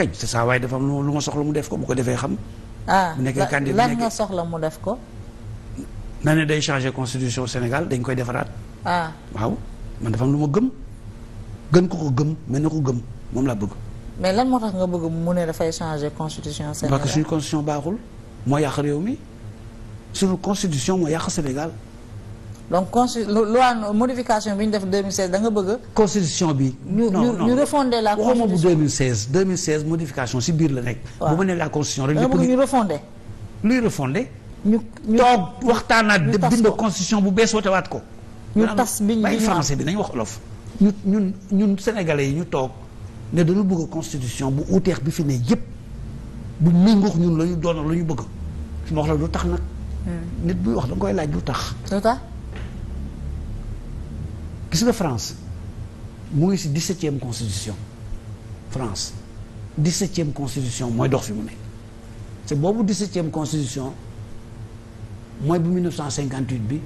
kañ te saa waaye dafa am lu ma soxla mu def ko bu ko defee xam. Ah, bu nekkee candidat lan nga soxla mu def ko. na ne day changer constitution Sénégal dañ koy defaraat. ah waaw man dafa am lu ma gëm. gën ko ko gëm mën ne ko gëm moom laa bëgg. mais lan moo tax nga bëgg mu ne dafay changer constitution Sénégal parce que suñu constitution baaxul moo yàq réew mi suñu constitution moo yàq Sénégal. donc consti loi modification bi ñu def 2016 da nga bëgg. constitution bi. ñu ñu refondé la constitution waxuma bu 2016 2016 modification si biir la nekk. bu ma nee la constitution rek. lépp ñu refondé. luy refondé. ñu ñu toog waxtaanaat bind constitution bu bees wootewaat ko. ñu tas bi ñu bàyyi nañu wax olof. ñu ñun ñun sénégalais yi ñu toog ne dañu bëgg constitution bu uteex bi fi ne yépp bu méngóog ñun la ñu doon la ñu bëgg. su ma wax la lu tax nag. Hmm. nit buy wax da koy laaj lu tax. gis nga France mu ngi si dix-septième constitution France dix-septième constitution mooy dox fi mu ne te boobu dix-septième constitution mooy bu 1958 bi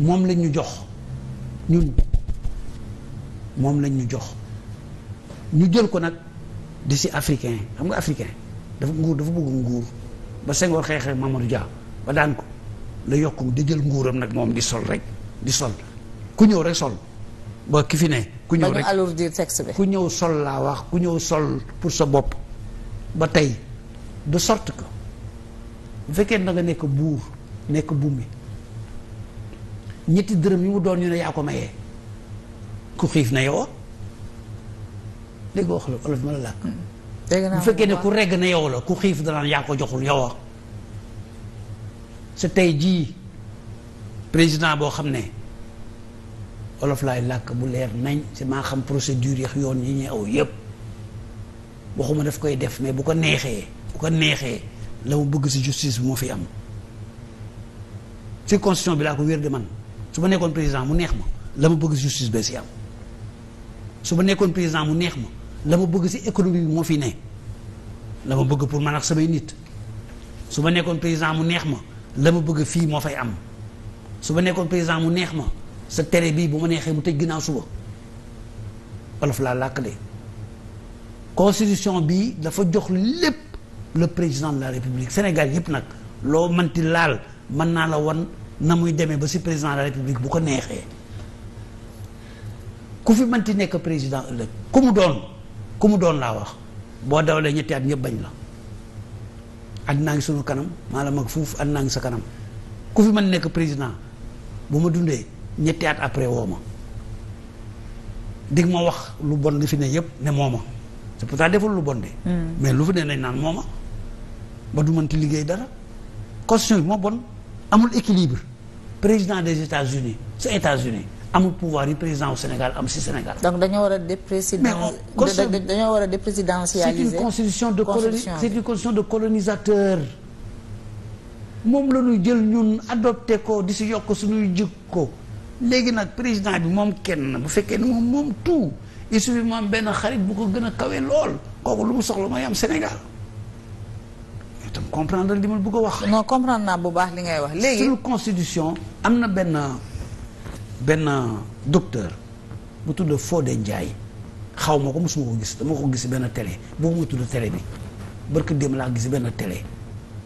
moom lañ ñu jox moom lañ ñu jox ñu jël ko nag di si africain xam nga africain dafa nguur dafa bëgg nguur ba Senghor xeexee Mamadou Dia ba daan ko la yokk di jël nguuram nag moom di sol rek di sol ku ñëw rek sol boo ki fi ne. ku ñëw rek alourdir texte bi. ku ñëw sol laa wax ku ñëw sol pour sa bopp ba tey de sorte que bu fekkee na nga nekk buur nekk bumi ñetti dërëm yi mu doon ñu yaa ko mayee ku xiif na yow léegi wax la olof ma la làkk. bu fekkee ne ku regg na yow la ku xiif danaan yaa ko joxul yow sa tey jii président boo xam ne. olof laay làkk bu leer nañ ci maa xam procédure yi yoon yi ñuy aw yépp waxuma daf koy def mais bu ko neexee bu ko neexee la mu bëgg si justice bi moo fi am ci bi laa ko wér man su ma nekkoon président mu neex ma la ma bëgg ci justice bee ci am nekkoon président mu neex ma la bëgg ci économie bi moo fi ne la bëgg pour man ak samay nit su ma nekkoon président mu neex ma la ma bëgg fii moo fay am su ma nekkoon président mu neex ma sa tere bii bu ma neexee mu tëj ginnaaw suba olof laa làkk de constitution bi dafa jox lépp le président de la république Sénégal yëpp nag loo mënti laal mën naa la wan na muy demee ba si président de la république bu ko neexee ku fi mënti nekk président ëllëg ku mu doon ku mu doon laa wax boo dawalee ñetti at ñëpp bañ la at naa ngi sunu kanam maa la mag fuuf at naa ngi sa kanam ku fi mën nekk président bu ma dundee ñetti at après woo ma dig ma wax lu bon li fi ne yëpp ne mooma c'est pourtant deful lu bon de. Hmm. mais lu fi ne nañ naan mooma ba du mënti liggéey dara constitution bi moo bon amul équilibre président des États-Unis sa États-Unis amul pouvoir yi président au Sénégal am si Sénégal. donc dañoo war a déprésidentialiser dañoo war a déprésidentialiser. c'est une de coloni c'est une constitution de colonisateur. moom la jël ñun adopté ko di si yokk suñuy ko léegi nag président bi moom kenn bu fekkee ni moom moom tout il suffit moom benn xarit bu ko gën a kawee lool kooku lu mu soxla mooy am Sénégal tam comprendre li ma wax. non comprendre naa bu baax li ngay wax léegi. suñu constitution am na benn benn docteur bu tudd Fodé Ndiaye xaw ma ko mosuma ko gis dama ko gis benn télé boobu ma tudd télé bi barke dem laa gis benn télé.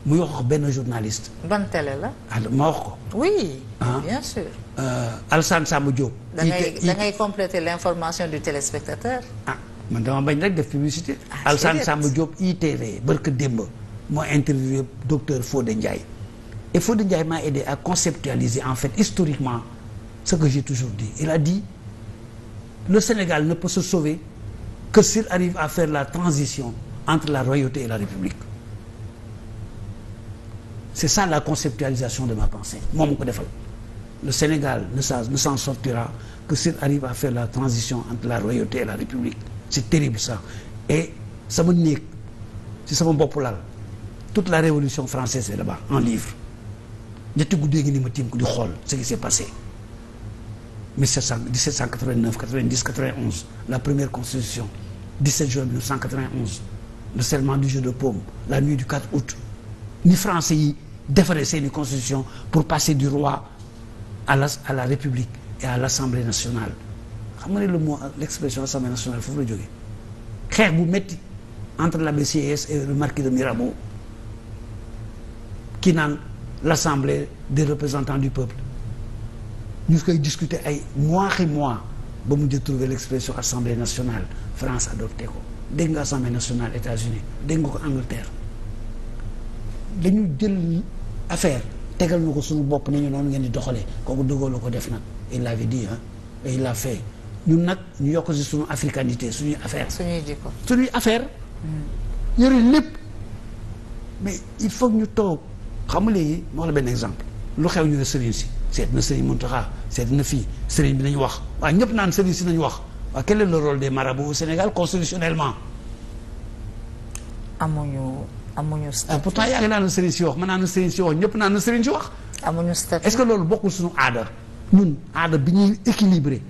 muy wax benn journaliste. ban télé la. ma wax ko. oui. Hein? Ah. bien sûr. Euh, Alsane Samba Diop. da ngay da ngay compléter l'information du téléspectateur. ah man dama bañ rek def publicité. ah Alsane Samba Diop ITV démb moo interviewé docteur de Ndiaye. et de Ndiaye m'a aidé à conceptualiser en fait historiquement ce que j'ai toujours dit il a dit le Sénégal ne peut se sauver que s'il arrive à faire la transition entre la royauté et la République. c'est ça la conceptualisation de ma pensée moom ma ko defal le Sénégal ne s'en ne s'en sortira que s'il arrive à faire la transition entre la royauté et la république c'est terrible ça et sama néeg si sama bopp laal toute la révolution française est là-bas en livre ñetti guddee ngi ni ma tiim ko di xool ce qui s'est passé 1789 90 91 la première constitution 17 juin 1991 le serment du jeu de paume la nuit du 4 août ni français yi defaree seeni constitution pour passer du roi à la à république et à l'assemblée nationale xam nga ne le mot l'expression assemblée nationale foofu la jógee xeex bu metti entre la Sieyès et le marquis de Mirabeau ki naan l'assemblée des représentants du peuple ñu koy discuter ay mois et mois ba mu jël trouver l'expression assemblée nationale France adopté ko dégg nga assemblée nationale États-Unis dégg nga ko Angleterre dañu jël affaire tegal na ko suñu bopp ni ñu noonu ngeen di doxalee kooku dëggoo la ko def nag il l'avait dit il l'a fait ñun nag ñu yokk si suñu africanité suñuy affaire suñuy ko suñuy affaire yëre lépp mais il faut ñu toog xam nga léegi moo la benn exemple lu xew ñu ne sëriñ si seet na sëriñ Mountakha seet na fii sëriñ bi nañu wax waaw ñëpp naan sëriñ si nañu wax waaw quel est le rôle des marabouts Sénégal constitutionnellement amuñu amuñu statut ah, pourtant yaa ngi naan sëriñ si wax ma naan sëriñ si wax ñëpp naan sëriñ si wax. amuñu statut est-ce que loolu bokkul suñu aada ñun aada bi ñuy équilibré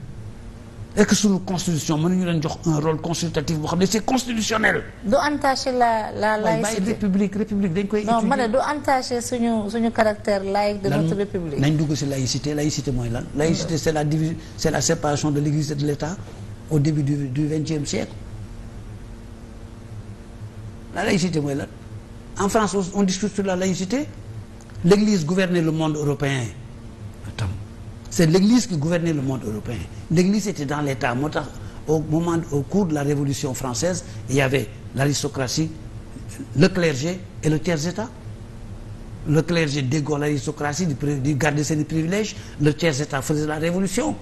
est-ce que suñu constitution mënuñu leen jox un rôle consultatif boo xam ne c'est constitutionnel. du entaché la la laïcité bàyyi koy. non ma ne du entaché suñu suñu caractère laïque de nañ dugg si laïcité laïcité mooy lan. laïcité c'est la division c'est la séparation de l'église et de l'État au début du du vingtième siècle la laïcité mooy lan. en France on discute sur la laïcité l'église gouvernait le monde européen attends c'est l'église qui gouvernait le monde européen l'église était dans l'état moo tax au moment au cours de la révolution française il y avait l'aristocratie le clergé et le tiers état le clergé déggoo l'aristocratie di garder seeni privilèges le tiers état faisait la révolution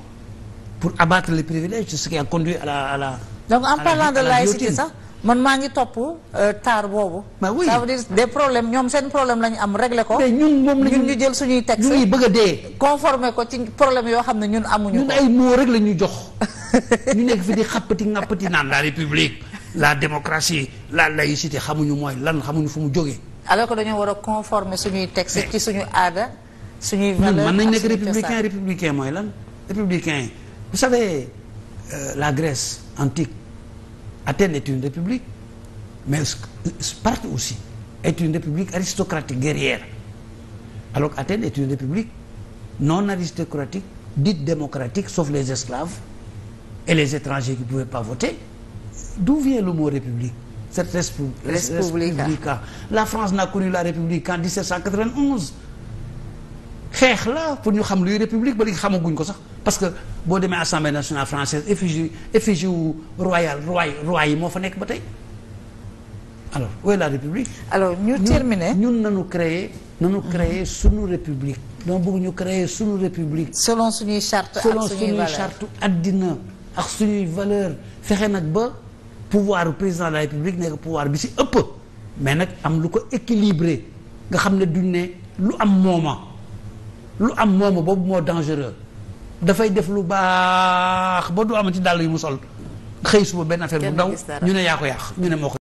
pour abattre les privilèges c'est ce qui a conduit à la donc en parlant de laïcité ça man maa ngi topp euh, taar boobu. ça veut dire des problèmes ñoom seen problème lañu am réglé ko. mais ñun moom la ñun ñu jël suñuy texte ñu bëgg a dee. conformé ko ci problème yoo xam ne ñun amuñu ko. ñun ay mots rek la ñu jox ñu nekk fi di xàppati ngàppati naan la république la démocratie la laïcité xamuñu mooy lan xamuñu fu mu jógee. alors que dañoo war a conformer suñuy texte ci suñu aada. suñuy valeur mën nañ nekk républicain républicain mooy lan républicain vous savez euh, la Grèce antique. Athènes est une république mais Sparte aussi est une république aristocratique guerrière alors Athènes est une république non aristocratique dite démocratique sauf les esclaves et les étrangers qui ne pouvaient pas voter d'où vient le mot république cette respublica la France n'a connu la république qu'en 1791 xeex la pour ñu xam luy république ba léegi xamaguñ ko sax parce que boo demee assemblée nationale française effigie effigie wu royal roi roi yi moo fa nekk ba tey alors où est république. alors ñu terminer ñun nañu créer nañu créer mhm. suñu république. donc bëgg ñu créer suñu république. selon suñuy charte ak selon suñuy charte àddina ak suñuy valeur fexe nag ba pouvoir président de la république nekk pouvoir bi si ëpp mais nag am lu ko équilibré nga xam ne duñ ne lu am mooma lu am moomu boobu moo dangereux dafay def lu baax ba du amati dàll yi mu sol xëy suba benn affaire bu ndaw ñu ne yaa ko yàq ñu ne moo ko